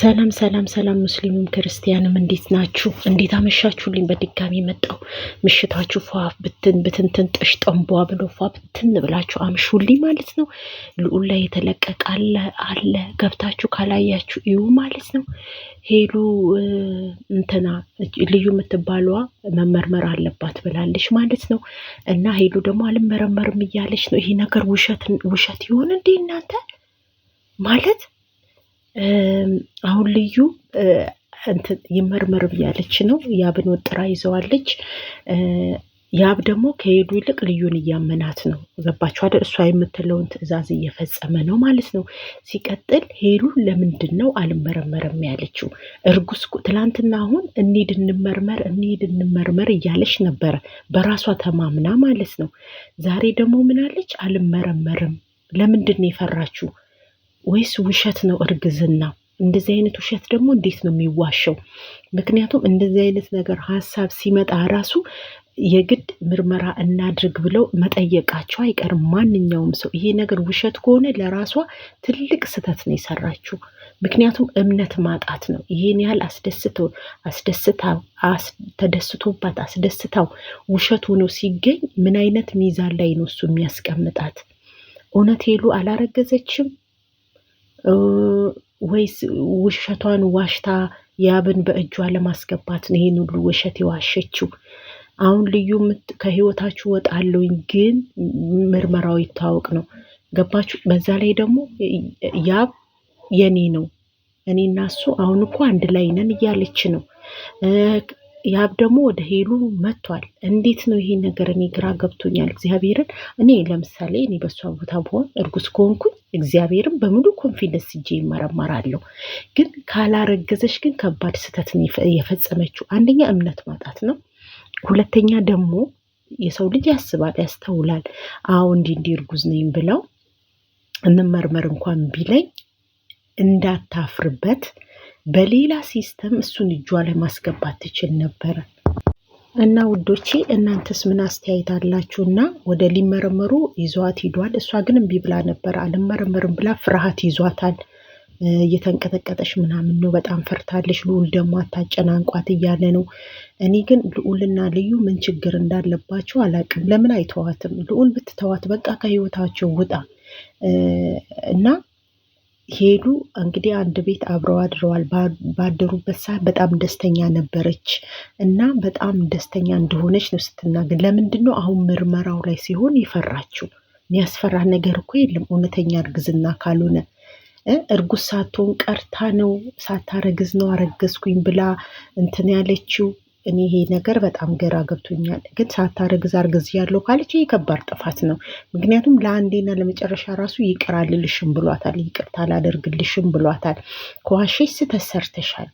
ሰላም ሰላም ሰላም ሙስሊሙም ክርስቲያንም እንዴት ናችሁ? እንዴት አመሻችሁልኝ? በድጋሚ መጣው ምሽታችሁ ፏ ብትን ብትንትን ጥሽ ጠንቧ ብሎ ፏ ብትን ብላችሁ አምሹልኝ ማለት ነው። ልዑል ላይ የተለቀቀ አለ አለ ገብታችሁ ካላያችሁ እዩ ማለት ነው። ሄሉ እንትና ልዩ የምትባሏ መመርመር አለባት ብላለች ማለት ነው። እና ሄሉ ደግሞ አልመረመርም እያለች ነው። ይሄ ነገር ውሸት ውሸት ይሆን እንዴ እናንተ ማለት አሁን ልዩ እንትን ይመርመር ብያለች ነው ያብን ወጥራ ይዘዋለች። ያብ ደግሞ ከሄዱ ይልቅ ልዩን እያመናት ነው። ገባችሁ አይደል? እሷ የምትለውን ትዕዛዝ እየፈጸመ ነው ማለት ነው። ሲቀጥል ሄሉ ለምንድን ነው አልመረመርም ያለችው? እርጉስ ትላንትና፣ አሁን እንሂድ እንመርመር፣ እንሂድ እንመርመር እያለች ነበረ በራሷ ተማምና ማለት ነው። ዛሬ ደግሞ ምናለች? አልመረመርም። ለምንድን ነው ወይስ ውሸት ነው እርግዝና እንደዚህ አይነት ውሸት ደግሞ እንዴት ነው የሚዋሸው? ምክንያቱም እንደዚህ አይነት ነገር ሀሳብ ሲመጣ ራሱ የግድ ምርመራ እናድርግ ብለው መጠየቃቸው አይቀርም። ማንኛውም ሰው ይሄ ነገር ውሸት ከሆነ ለራሷ ትልቅ ስህተት ነው የሰራችው። ምክንያቱም እምነት ማጣት ነው። ይሄን ያህል አስደስተው አስደስታው ተደስቶባት አስደስታው ውሸት ሆኖ ሲገኝ ምን አይነት ሚዛን ላይ ነው እሱ የሚያስቀምጣት? እውነት ሄሉ አላረገዘችም ወይስ ውሸቷን ዋሽታ ያብን በእጇ ለማስገባት ነው ይሄን ሁሉ ውሸት የዋሸችው? አሁን ልዩ ከህይወታችሁ ወጣለሁኝ ግን ምርመራው ይታወቅ ነው። ገባችሁ? በዛ ላይ ደግሞ ያብ የኔ ነው እኔ እና እሱ አሁን እኮ አንድ ላይ ነን እያለች ነው ያብ ደግሞ ወደ ሄሉ መጥቷል። እንዴት ነው ይሄ ነገር? እኔ ግራ ገብቶኛል። እግዚአብሔርን እኔ ለምሳሌ እኔ በእሷ ቦታ በሆን እርጉዝ ከሆንኩኝ እግዚአብሔርን በሙሉ ኮንፊደንስ እጄ ይመረመራለሁ። ግን ካላረገዘች ግን ከባድ ስህተት የፈጸመችው አንደኛ እምነት ማጣት ነው። ሁለተኛ ደግሞ የሰው ልጅ ያስባል፣ ያስተውላል። አዎ እንዲህ እንዲህ እርጉዝ ነኝ ብለው እንመርመር እንኳን ቢለኝ እንዳታፍርበት በሌላ ሲስተም እሱን እጇ ላይ ማስገባት ትችል ነበረ። እና ውዶቼ እናንተስ ምን አስተያየት አላችሁ? እና ወደ ሊመረመሩ ይዟት ሂዷል። እሷ ግን እምቢ ብላ ነበር፣ አልመረመርም ብላ ፍርሃት ይዟታል። እየተንቀጠቀጠሽ ምናምን ነው፣ በጣም ፈርታለሽ። ልዑል ደግሞ አታጨናንቋት እያለ ነው። እኔ ግን ልዑልና ልዩ ምን ችግር እንዳለባቸው አላቅም። ለምን አይተዋትም? ልዑል ብትተዋት በቃ ከህይወታቸው ውጣ እና ሄዱ። እንግዲህ አንድ ቤት አብረው አድረዋል። ባደሩበት ሰዓት በጣም ደስተኛ ነበረች እና በጣም ደስተኛ እንደሆነች ነው ስትናገር። ለምንድን ነው አሁን ምርመራው ላይ ሲሆን የፈራችው? የሚያስፈራ ነገር እኮ የለም እውነተኛ እርግዝና ካልሆነ እርጉዝ ሳትሆን ቀርታ ነው ሳታረግዝ ነው አረገዝኩኝ ብላ እንትን ያለችው እኔ ይሄ ነገር በጣም ግራ ገብቶኛል። ግን ሳታረግዝ አርግዝ ያለው ካለች ይህ ከባድ ጥፋት ነው። ምክንያቱም ለአንዴና ለመጨረሻ ራሱ ይቅር አልልሽም ብሏታል። ይቅርታ አላደርግልሽም ብሏታል። ከዋሸሽ ስተሰርተሻል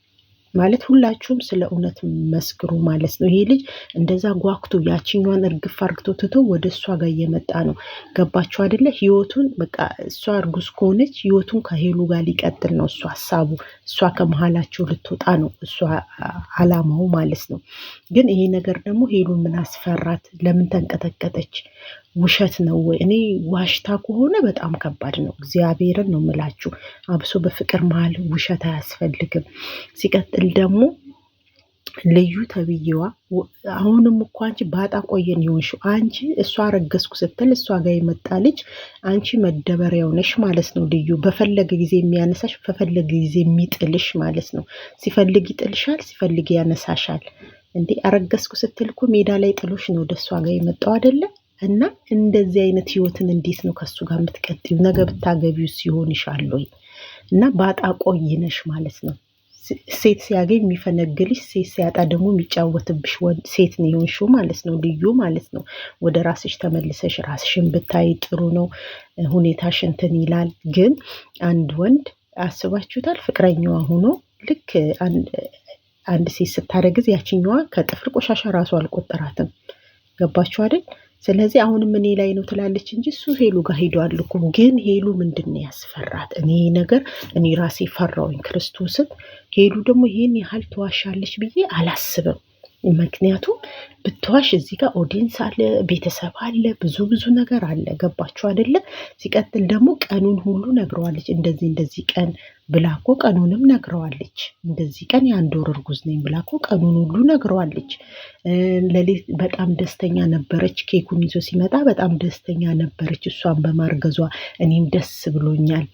ማለት ሁላችሁም ስለ እውነት መስክሩ ማለት ነው። ይሄ ልጅ እንደዛ ጓግቶ ያችኛዋን እርግፍ አርግቶ ትቶ ወደ እሷ ጋር እየመጣ ነው። ገባችሁ አደለ? ህይወቱን በቃ እሷ እርጉዝ ከሆነች ህይወቱን ከሄሉ ጋር ሊቀጥል ነው እሱ ሀሳቡ። እሷ ከመሀላቸው ልትወጣ ነው እሷ አላማው ማለት ነው። ግን ይሄ ነገር ደግሞ ሄሉ ምን አስፈራት? ለምን ተንቀጠቀጠች? ውሸት ነው ወይ? እኔ ዋሽታ ከሆነ በጣም ከባድ ነው። እግዚአብሔርን ነው የምላችሁ። አብሶ በፍቅር መሀል ውሸት አያስፈልግም። ሲቀጥል ደግሞ ልዩ ተብዬዋ አሁንም እኮ አንቺ ባጣ ቆየን ይሆንሽ አንቺ እሷ ረገስኩ ስትል እሷ ጋር የመጣ ልጅ አንቺ መደበሪያው ነሽ ማለት ነው። ልዩ በፈለገ ጊዜ የሚያነሳሽ በፈለገ ጊዜ የሚጥልሽ ማለት ነው። ሲፈልግ ይጥልሻል፣ ሲፈልግ ያነሳሻል። እንዴ አረገዝኩ ስትል እኮ ሜዳ ላይ ጥሎሽ ነው ወደ እሷ ጋር የመጣው አይደለም። እና እንደዚህ አይነት ህይወትን እንዴት ነው ከሱ ጋር የምትቀጥዩ? ነገ ብታገቢው ሲሆን ይሻል ወይ? እና ባጣ ቆይነሽ ማለት ነው። ሴት ሲያገኝ የሚፈነግልሽ፣ ሴት ሲያጣ ደግሞ የሚጫወትብሽ ሴት ነው የሆንሽው ማለት ነው። ልዩ ማለት ነው። ወደ ራስሽ ተመልሰሽ ራስሽን ብታይ ጥሩ ነው። ሁኔታሽ እንትን ይላል። ግን አንድ ወንድ አስባችሁታል? ፍቅረኛዋ ሆኖ ልክ አንድ ሴት ስታረግዝ ያችኛዋ ከጥፍር ቆሻሻ ራሱ አልቆጠራትም። ገባችሁ አይደል? ስለዚህ አሁንም እኔ ላይ ነው ትላለች እንጂ እሱ ሄሉ ጋር ሄዷል እኮ። ግን ሄሉ ምንድን ነው ያስፈራት? እኔ ነገር እኔ ራሴ ፈራውኝ ክርስቶስን። ሄሉ ደግሞ ይህን ያህል ተዋሻለች ብዬ አላስብም። ምክንያቱም ብትዋሽ እዚህ ጋር ኦዲንስ አለ፣ ቤተሰብ አለ፣ ብዙ ብዙ ነገር አለ። ገባችሁ አይደለ? ሲቀጥል ደግሞ ቀኑን ሁሉ ነግረዋለች። እንደዚህ እንደዚህ ቀን ብላ እኮ ቀኑንም ነግረዋለች። እንደዚህ ቀን የአንድ ወር እርጉዝ ነኝ ብላ እኮ ቀኑን ሁሉ ነግረዋለች። ለሌት በጣም ደስተኛ ነበረች። ኬኩን ይዞ ሲመጣ በጣም ደስተኛ ነበረች። እሷን በማርገዟ እኔም ደስ ብሎኛል፣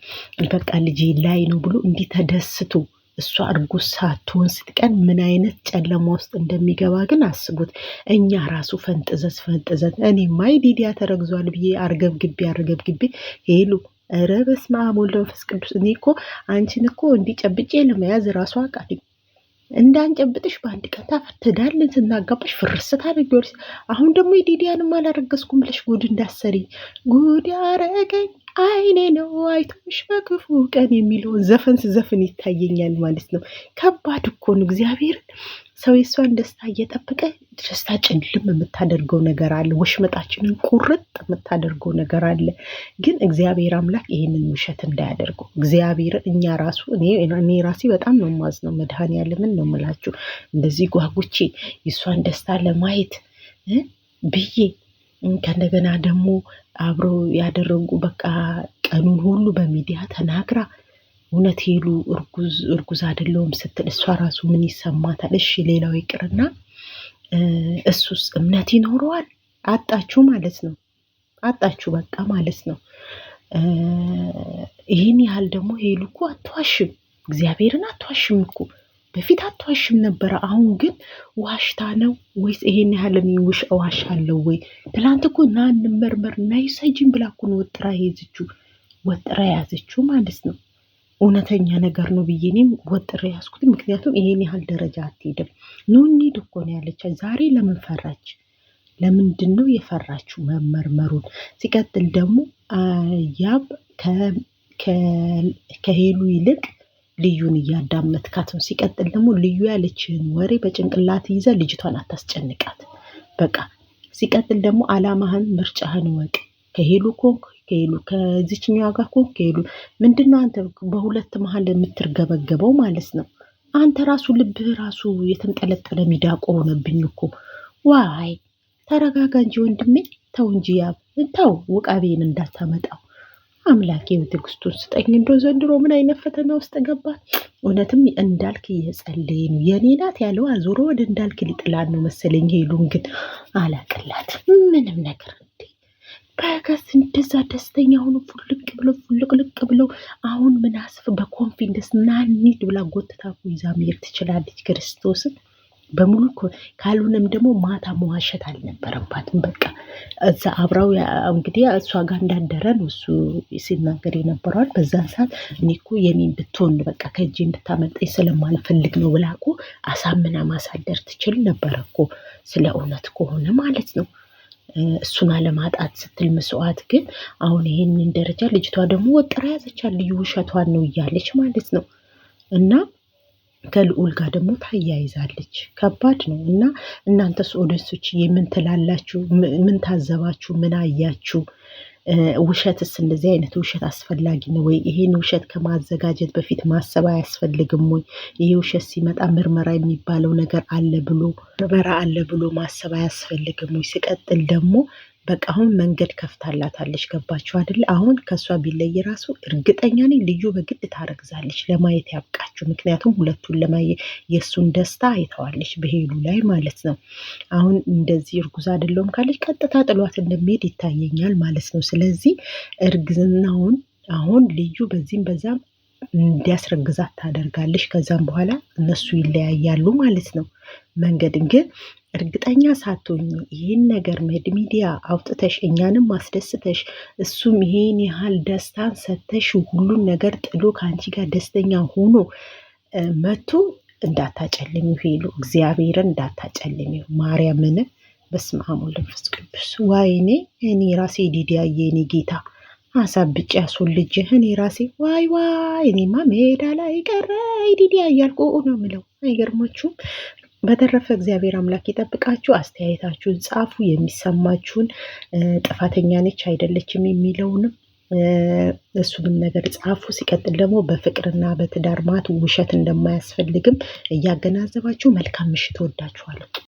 በቃ ልጄ ላይ ነው ብሎ እንዲህ ተደስቶ እሷ እርጉዝ ሳትሆን ስትቀን ምን አይነት ጨለማ ውስጥ እንደሚገባ ግን አስቡት። እኛ ራሱ ፈንጥዘት ፈንጥዘት እኔ ማይ ሊዲያ ተረግዟል ብዬ አርገብ ግቢ አርገብ ግቢ ሄሉ ኧረ በስመ አብ ወወልድ ወመንፈስ ቅዱስ። እኔ እኮ አንቺን እኮ እንዲጨብጬ ለመያዝ ራሱ አቃፊ እንዳንጨብጥሽ በአንድ ቀን ታፈትዳልን ስናጋባሽ ፍርስት አድርጊ። አሁን ደግሞ የዲዲያንም አላረገዝኩም ብለሽ ጉድ እንዳሰሪ ጉድ ያረገኝ። አይኔ ነው አይቶሽ በክፉ ቀን የሚለውን ዘፈን ስዘፍን ይታየኛል ማለት ነው። ከባድ እኮ ነው። እግዚአብሔር ሰው የሷን ደስታ እየጠበቀ ደስታ ጭልም የምታደርገው ነገር አለ። ወሽመጣችንን ቁርጥ የምታደርገው ነገር አለ። ግን እግዚአብሔር አምላክ ይህንን ውሸት እንዳያደርገው እግዚአብሔር እኛ ራሱ እኔ ራሴ በጣም ነው ማዝ ነው መድኃኔዓለምን ነው የምላችሁ እንደዚህ ጓጉቼ የሷን ደስታ ለማየት ብዬ ከእንደገና ደግሞ አብረው ያደረጉ በቃ ቀኑን ሁሉ በሚዲያ ተናግራ እውነት ሄሉ እርጉዝ አይደለውም ስትል እሷ ራሱ ምን ይሰማታል? እሺ ሌላው ይቅርና እሱስ እምነት ይኖረዋል? አጣችሁ ማለት ነው። አጣችሁ በቃ ማለት ነው። ይህን ያህል ደግሞ ሄሉ እኮ አትዋሽም፣ እግዚአብሔርን አትዋሽም እኮ በፊት አትዋሽም ነበረ። አሁን ግን ዋሽታ ነው ወይስ ይሄን ያህል የሚውሽ ዋሽ አለው ወይ? ትላንት እኮ ና እንመርመር ናይሳጅን ብላ እኮ ነው ወጥራ የያዘችው ወጥራ የያዘችው ማለት ነው። እውነተኛ ነገር ነው ብዬ እኔም ወጥሬ ያዝኩት። ምክንያቱም ይሄን ያህል ደረጃ አትሄድም። ኑ እንሂድ እኮ ነው ያለቻ። ዛሬ ለምን ፈራች? ለምንድን ነው የፈራችው? መመርመሩን ሲቀጥል ደግሞ ያብ ከሄሉ ይልቅ ልዩን ነው። ሲቀጥል ደግሞ ልዩ ያለችህን ወሬ በጭንቅላት ይዘ ልጅቷን አታስጨንቃት። በቃ ሲቀጥል ደግሞ አላማህን ምርጫህን ወቅ ከሄሉ ኮንክ ከሄሉ ከዚችኛ ጋር ኮንክ ከሄሉ ምንድን ነው አንተ በሁለት መሀል የምትርገበገበው ማለት ነው። አንተ ራሱ ልብህ ራሱ የተንጠለጠለ ሚዳቆ ሆነብኝ እኮ። ዋይ ተረጋጋ እንጂ ወንድሜ፣ ተው እንጂ ያብ ተው፣ ውቃቤን እንዳታመጣው። አምላኬ ትዕግስቱን ስጠኝ። እንዶ ዘንድሮ ምን አይነት ፈተና ውስጥ ገባል። እውነትም እንዳልክ እየጸለየ ነው። የኔናት ያለው አዞሮ ወደ እንዳልክ ሊጥላን ነው መሰለኝ። ሄሉን ግን አላቅላት ምንም ነገር በከስ እንደዛ ደስተኛ ሆኖ ፉልቅ ብሎ ፉልቅልቅ ብሎ አሁን ምናስፍ በኮንፊደንስ ናኒድ ብላ ጎትታ ይዛ መሄድ ትችላለች ክርስቶስን በሙሉ ካልሆነም ደግሞ ማታ መዋሸት አልነበረባትም። በቃ እዛ አብራው እንግዲህ እሷ ጋር እንዳደረ ነው እሱ ሲናገር የነበረዋል። በዛን ሰዓት እኔ እኮ ብትሆን በቃ ከእጅ እንድታመልጠኝ ስለማልፈልግ ነው ብላ እኮ አሳምና ማሳደር ትችል ነበረ እኮ ስለ እውነት ከሆነ ማለት ነው። እሱን አለማጣት ስትል መስዋዕት ግን አሁን ይህንን ደረጃ ልጅቷ ደግሞ ወጥራ ያዘቻል። ልዩ ውሸቷን ነው እያለች ማለት ነው እና ከልዑል ጋር ደግሞ ታያይዛለች። ከባድ ነው እና እናንተስ ኦደሶች የምንትላላችሁ ትላላችሁ? ምን ታዘባችሁ? ምን አያችሁ? ውሸትስ እንደዚህ አይነት ውሸት አስፈላጊ ነው ወይ? ይሄን ውሸት ከማዘጋጀት በፊት ማሰብ አያስፈልግም ወይ? ይሄ ውሸት ሲመጣ ምርመራ የሚባለው ነገር አለ ብሎ ምርመራ አለ ብሎ ማሰብ አያስፈልግም ወይ? ሲቀጥል ደግሞ በቃ አሁን መንገድ ከፍታላታለች። ገባችሁ አይደለ? አሁን ከእሷ ቢለይ ራሱ እርግጠኛ ነኝ ልዩ በግድ ታረግዛለች። ለማየት ያብቃችሁ። ምክንያቱም ሁለቱን ለማየት የእሱን ደስታ አይተዋለች በሄሉ ላይ ማለት ነው። አሁን እንደዚህ እርጉዝ አይደለሁም ካለች ቀጥታ ጥሏት እንደሚሄድ ይታየኛል ማለት ነው። ስለዚህ እርግዝናውን አሁን ልዩ በዚህም በዛም እንዲያስረግዛት ታደርጋለች። ከዛም በኋላ እነሱ ይለያያሉ ማለት ነው። መንገድ ግን እርግጠኛ ሳትሆኚ ይህን ነገር መድ ሚዲያ አውጥተሽ እኛንም ማስደስተሽ እሱም ይሄን ያህል ደስታን ሰተሽ ሁሉን ነገር ጥሎ ከአንቺ ጋር ደስተኛ ሆኖ መቶ እንዳታጨልሚው ሄሉ እግዚአብሔርን እንዳታጨልሚው ማርያምን በስመ አብ ወወልድ ወመንፈስ ቅዱስ። ዋይኔ እኔ ራሴ ዲዲያዬ እኔ ጌታ አሳብጭ ያስወልጅህ እኔ ራሴ ዋይ ዋይ እኔማ ሜዳ ላይ ቀረ ዲዲያ እያልኩ ነው ምለው። አይገርማችሁም? በተረፈ እግዚአብሔር አምላክ ይጠብቃችሁ። አስተያየታችሁን ጻፉ። የሚሰማችሁን ጥፋተኛ ነች አይደለችም የሚለውንም እሱንም ነገር ጻፉ። ሲቀጥል ደግሞ በፍቅርና በትዳር ማት ውሸት እንደማያስፈልግም እያገናዘባችሁ መልካም ምሽት። ወዳችኋለሁ።